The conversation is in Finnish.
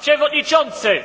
przewodniczący!